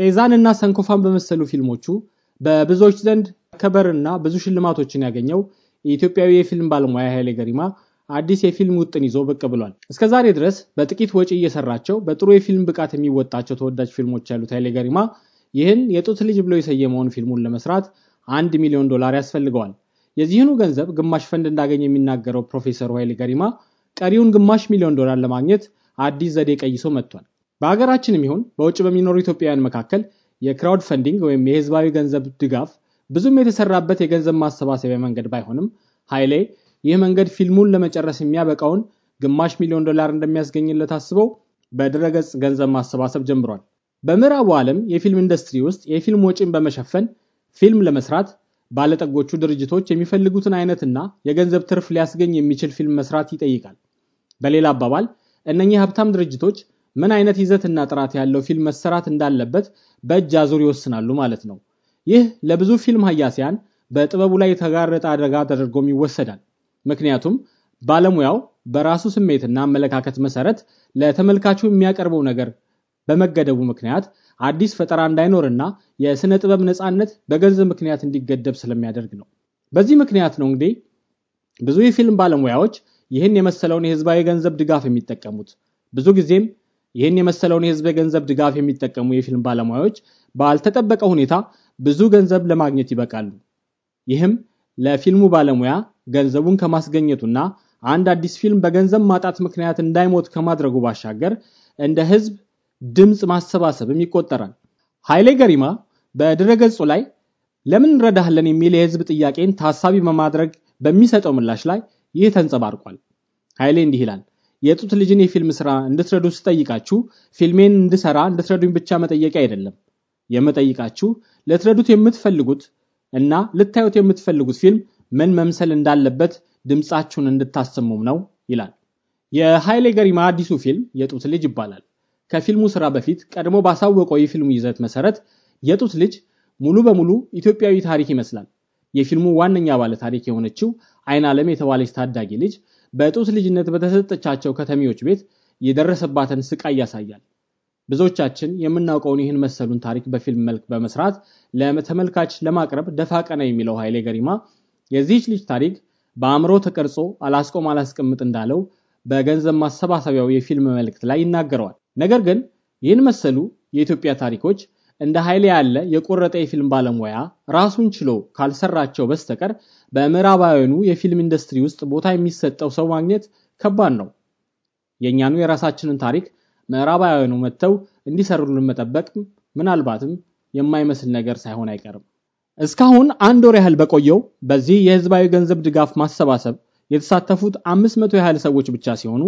ጤዛን እና ሰንኮፋን በመሰሉ ፊልሞቹ በብዙዎች ዘንድ ከበርና ብዙ ሽልማቶችን ያገኘው የኢትዮጵያዊ የፊልም ባለሙያ ኃይሌ ገሪማ አዲስ የፊልም ውጥን ይዞ ብቅ ብሏል። እስከ ዛሬ ድረስ በጥቂት ወጪ እየሰራቸው በጥሩ የፊልም ብቃት የሚወጣቸው ተወዳጅ ፊልሞች ያሉት ኃይሌ ገሪማ ይህን የጡት ልጅ ብሎ የሰየመውን ፊልሙን ለመስራት አንድ ሚሊዮን ዶላር ያስፈልገዋል። የዚህኑ ገንዘብ ግማሽ ፈንድ እንዳገኝ የሚናገረው ፕሮፌሰሩ ኃይሌ ገሪማ ቀሪውን ግማሽ ሚሊዮን ዶላር ለማግኘት አዲስ ዘዴ ቀይሶ መጥቷል። በሀገራችንም ይሁን በውጭ በሚኖሩ ኢትዮጵያውያን መካከል የክራውድ ፈንዲንግ ወይም የህዝባዊ ገንዘብ ድጋፍ ብዙም የተሰራበት የገንዘብ ማሰባሰቢያ መንገድ ባይሆንም ኃይሌ ይህ መንገድ ፊልሙን ለመጨረስ የሚያበቃውን ግማሽ ሚሊዮን ዶላር እንደሚያስገኝለት አስበው በድረገጽ ገንዘብ ማሰባሰብ ጀምሯል። በምዕራቡ ዓለም የፊልም ኢንዱስትሪ ውስጥ የፊልም ወጪን በመሸፈን ፊልም ለመስራት ባለጠጎቹ ድርጅቶች የሚፈልጉትን አይነትና የገንዘብ ትርፍ ሊያስገኝ የሚችል ፊልም መስራት ይጠይቃል። በሌላ አባባል እነኚህ ሀብታም ድርጅቶች ምን አይነት ይዘትና ጥራት ያለው ፊልም መሰራት እንዳለበት በእጅ አዙር ይወስናሉ ማለት ነው። ይህ ለብዙ ፊልም ሀያሲያን በጥበቡ ላይ የተጋረጠ አደጋ ተደርጎም ይወሰዳል። ምክንያቱም ባለሙያው በራሱ ስሜትና አመለካከት መሰረት ለተመልካቹ የሚያቀርበው ነገር በመገደቡ ምክንያት አዲስ ፈጠራ እንዳይኖርና የሥነ ጥበብ ነፃነት በገንዘብ ምክንያት እንዲገደብ ስለሚያደርግ ነው። በዚህ ምክንያት ነው እንግዲህ ብዙ የፊልም ባለሙያዎች ይህን የመሰለውን የህዝባዊ ገንዘብ ድጋፍ የሚጠቀሙት ብዙ ጊዜም ይህን የመሰለውን የህዝብ የገንዘብ ድጋፍ የሚጠቀሙ የፊልም ባለሙያዎች ባልተጠበቀ ሁኔታ ብዙ ገንዘብ ለማግኘት ይበቃሉ። ይህም ለፊልሙ ባለሙያ ገንዘቡን ከማስገኘቱና አንድ አዲስ ፊልም በገንዘብ ማጣት ምክንያት እንዳይሞት ከማድረጉ ባሻገር እንደ ህዝብ ድምፅ ማሰባሰብም ይቆጠራል። ኃይሌ ገሪማ በድረገጹ ላይ ለምን እንረዳሃለን የሚል የህዝብ ጥያቄን ታሳቢ በማድረግ በሚሰጠው ምላሽ ላይ ይህ ተንጸባርቋል። ኃይሌ እንዲህ ይላል። የጡት ልጅን የፊልም ስራ እንድትረዱ ስጠይቃችሁ ፊልሜን እንድሰራ እንድትረዱኝ ብቻ መጠየቅ አይደለም የምጠይቃችሁ ልትረዱት የምትፈልጉት እና ልታዩት የምትፈልጉት ፊልም ምን መምሰል እንዳለበት ድምፃችሁን እንድታሰሙም ነው ይላል። የሀይሌ ገሪማ አዲሱ ፊልም የጡት ልጅ ይባላል። ከፊልሙ ስራ በፊት ቀድሞ ባሳወቀው የፊልሙ ይዘት መሰረት የጡት ልጅ ሙሉ በሙሉ ኢትዮጵያዊ ታሪክ ይመስላል። የፊልሙ ዋነኛ ባለታሪክ የሆነችው አይን ዓለም የተባለች ታዳጊ ልጅ በጡት ልጅነት በተሰጠቻቸው ከተሜዎች ቤት የደረሰባትን ስቃይ ያሳያል። ብዙዎቻችን የምናውቀውን ይህን መሰሉን ታሪክ በፊልም መልክ በመስራት ለተመልካች ለማቅረብ ደፋ ቀና የሚለው ኃይሌ ገሪማ የዚህች ልጅ ታሪክ በአእምሮ ተቀርጾ አላስቆም አላስቀምጥ እንዳለው በገንዘብ ማሰባሰቢያው የፊልም መልእክት ላይ ይናገረዋል። ነገር ግን ይህን መሰሉ የኢትዮጵያ ታሪኮች እንደ ኃይሌ ያለ የቆረጠ የፊልም ባለሙያ ራሱን ችሎ ካልሰራቸው በስተቀር በምዕራባውያኑ የፊልም ኢንዱስትሪ ውስጥ ቦታ የሚሰጠው ሰው ማግኘት ከባድ ነው። የእኛኑ የራሳችንን ታሪክ ምዕራባውያኑ መጥተው እንዲሰሩልን መጠበቅ ምናልባትም የማይመስል ነገር ሳይሆን አይቀርም። እስካሁን አንድ ወር ያህል በቆየው በዚህ የህዝባዊ ገንዘብ ድጋፍ ማሰባሰብ የተሳተፉት አምስት መቶ ያህል ሰዎች ብቻ ሲሆኑ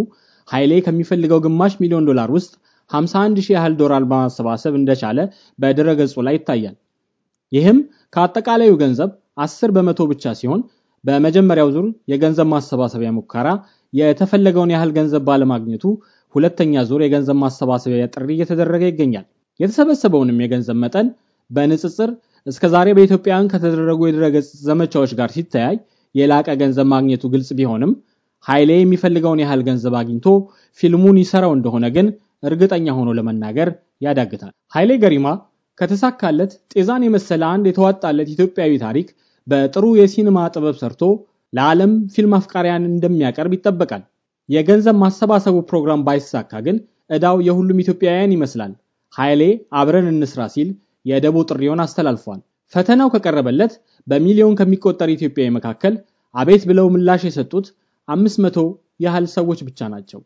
ኃይሌ ከሚፈልገው ግማሽ ሚሊዮን ዶላር ውስጥ 51 ሺህ ያህል ዶላር በማሰባሰብ እንደቻለ በድረገጹ ላይ ይታያል። ይህም ከአጠቃላዩ ገንዘብ 10 በመቶ ብቻ ሲሆን በመጀመሪያው ዙር የገንዘብ ማሰባሰቢያ ሙከራ የተፈለገውን ያህል ገንዘብ ባለማግኘቱ ሁለተኛ ዙር የገንዘብ ማሰባሰቢያ ጥሪ እየተደረገ ይገኛል። የተሰበሰበውንም የገንዘብ መጠን በንጽጽር እስከ ዛሬ በኢትዮጵያውያን ከተደረጉ የድረገጽ ዘመቻዎች ጋር ሲተያይ የላቀ ገንዘብ ማግኘቱ ግልጽ ቢሆንም ኃይሌ የሚፈልገውን ያህል ገንዘብ አግኝቶ ፊልሙን ይሰራው እንደሆነ ግን እርግጠኛ ሆኖ ለመናገር ያዳግታል። ኃይሌ ገሪማ ከተሳካለት ጤዛን የመሰለ አንድ የተዋጣለት ኢትዮጵያዊ ታሪክ በጥሩ የሲኒማ ጥበብ ሰርቶ ለዓለም ፊልም አፍቃሪያን እንደሚያቀርብ ይጠበቃል። የገንዘብ ማሰባሰቡ ፕሮግራም ባይሳካ ግን ዕዳው የሁሉም ኢትዮጵያውያን ይመስላል። ኃይሌ አብረን እንስራ ሲል የደቦ ጥሪውን አስተላልፏል። ፈተናው ከቀረበለት በሚሊዮን ከሚቆጠር ኢትዮጵያዊ መካከል አቤት ብለው ምላሽ የሰጡት አምስት መቶ ያህል ሰዎች ብቻ ናቸው።